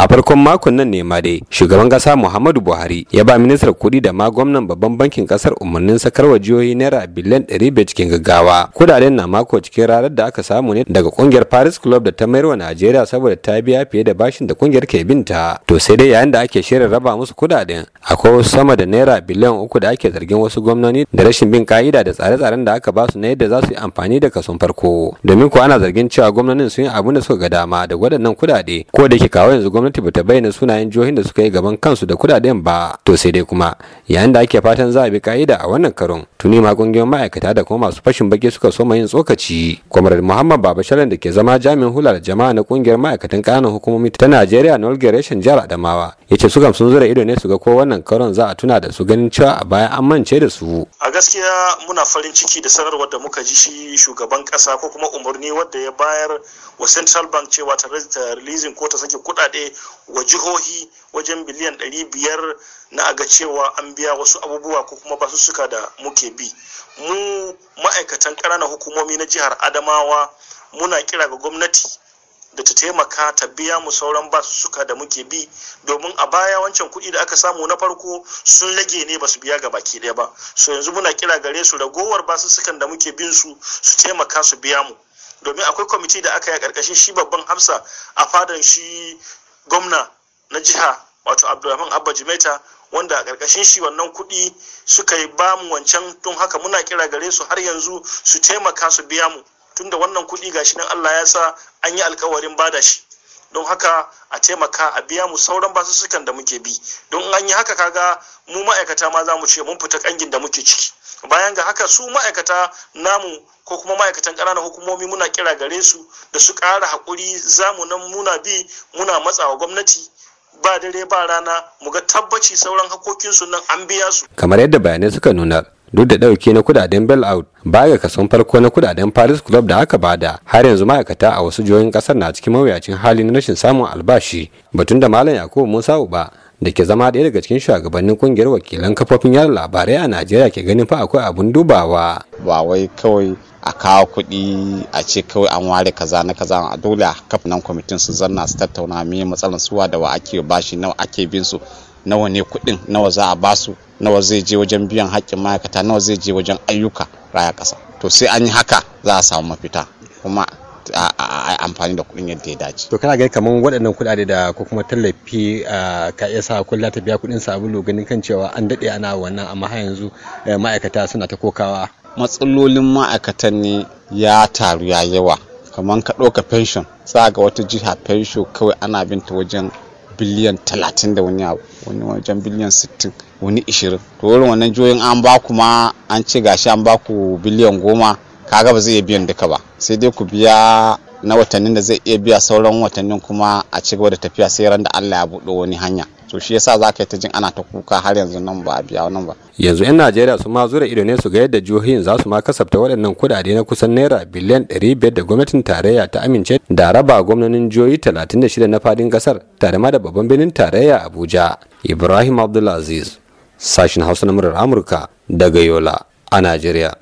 a farkon makon nan ne ma dai shugaban kasa muhammadu buhari ya ba ministar kuɗi da ma gwamnan babban bankin kasar umarnin sakarwa jihohi naira biliyan ɗari bai cikin gaggawa kudaden na mako cikin ranar da aka samu ne daga kungiyar paris club da ta mayar wa najeriya saboda ta biya fiye da bashin da kungiyar ke binta to sai dai yayin da ake shirin raba musu kudaden akwai wasu sama da naira biliyan uku da ake zargin wasu gwamnoni da rashin bin ka'ida da tsare-tsaren da aka ba su na yadda za su yi amfani da kason farko domin ko ana zargin cewa gwamnonin sun yi abin da suka ga dama da waɗannan kudade ko da ke kawo yanzu gwamnati gwamnati bata bayyana sunayen jihohin da suka yi gaban kansu da kudaden ba to sai dai kuma yayin da ake fatan za a bi ka'ida a wannan karon tuni ma kungiyoyin ma'aikata da kuma masu fashin baki suka soma yin tsokaci kwamrad muhammad baba shalin da ke zama jami'in hula da jama'a na kungiyar ma'aikatan kananan hukumomi ta najeriya noel gereshon jihar adamawa ya ce su sun zura ido ne su ga ko wannan karon za a tuna da su ganin cewa a baya an mance da su a gaskiya muna farin ciki da sanarwar da muka ji shi shugaban kasa ko kuma umarni wadda ya bayar wa central bank cewa ta releasing ko ta sake kudade wa jihohi wajen biliyan biyar na aga cewa an biya wasu abubuwa ko kuma basu suka da muke bi mu ma'aikatan ƙananan hukumomi na jihar adamawa muna kira ga gwamnati da ta taimaka ta biya mu sauran basu suka da muke bi domin a baya wancan kuɗi da aka samu na farko sun rage ne basu biya ga baki ɗaya ba so yanzu muna kira gare su ragowar basu sukan da muke bin su su taimaka su biya mu domin akwai kwamiti da aka yi a ƙarƙashin shi babban hafsa a fadan shi gwamna na jiha wato abdulrahman abba jimaita wanda a ƙarƙashin shi wannan kuɗi suka yi bamu wancan tun haka muna kira gare su har yanzu su taimaka su biya mu tunda wannan kuɗi gashi nan allah ya sa an yi alkawarin bada shi don haka a taimaka a biya mu sauran basussukan da muke bi don an yi haka kaga mu ma'aikata ma za mu ce mun fita kangin da muke ciki bayan ga haka su ma'aikata namu ko kuma ma'aikatan ƙananan hukumomi muna kira gare su da su ƙara haƙuri za mu nan muna bi muna matsawa gwamnati ba dare ba rana mu ga tabbaci sauran hakokinsu nan an biya su kamar yadda bayanai suka nuna duk da ɗauke na kudaden out baya kason farko na kudaden paris club da aka bada har yanzu ma'aikata a wasu jihohin kasar na cikin mawuyacin hali na rashin samun albashi batun da malam yakubu musa uba da ke zama daya daga cikin shugabannin kungiyar wakilan kafofin yada labarai a najeriya ke ganin fa akwai abun dubawa ba wai kawai a kawo kuɗi a ce kawai an ware kaza na kaza a dole a kafinan kwamitin su zanna su tattauna me matsalar suwa da wa ake bashi nawa ake bin su nawa ne kuɗin nawa za a basu nawa zai je wajen biyan haƙƙin ma'aikata nawa zai je wajen ayyuka raya ƙasa to sai an yi haka za a samu mafita kuma a amfani da kuɗin yadda ya dace. To kana gani kamar waɗannan kuɗaɗe da ko kuma tallafi ka iya sa kulla ta biya kuɗin sabulu ganin kan cewa an daɗe ana wannan amma har yanzu eh, ma'aikata suna ta kokawa. Matsalolin ma'aikatan ne ya taru ya yawa kamar ka ɗauka pension sa ga wata jiha pension kawai ana binta wajen biliyan talatin da wani abu wani wajen biliyan sittin wani ishirin to wurin wannan juyin an ba ku ma an ce gashi an ba ku biliyan goma kaga ba zai iya biyan duka ba sai dai ku biya na watannin da zai iya biya sauran watannin kuma a ci gaba da tafiya sai ran da Allah ya buɗe wani hanya to shi yasa za ka yi ta jin ana ta kuka har yanzu nan ba a biya nan ba yanzu 'yan najeriya su ma zura ido ne su ga yadda jihohin za su ma kasafta waɗannan kuɗaɗe na kusan naira biliyan ɗari biyar da gwamnatin tarayya ta amince da raba gwamnonin jihohi shida na fadin kasar tare ma da babban birnin tarayya abuja ibrahim abdulaziz sashin hausa na murar amurka daga yola a najeriya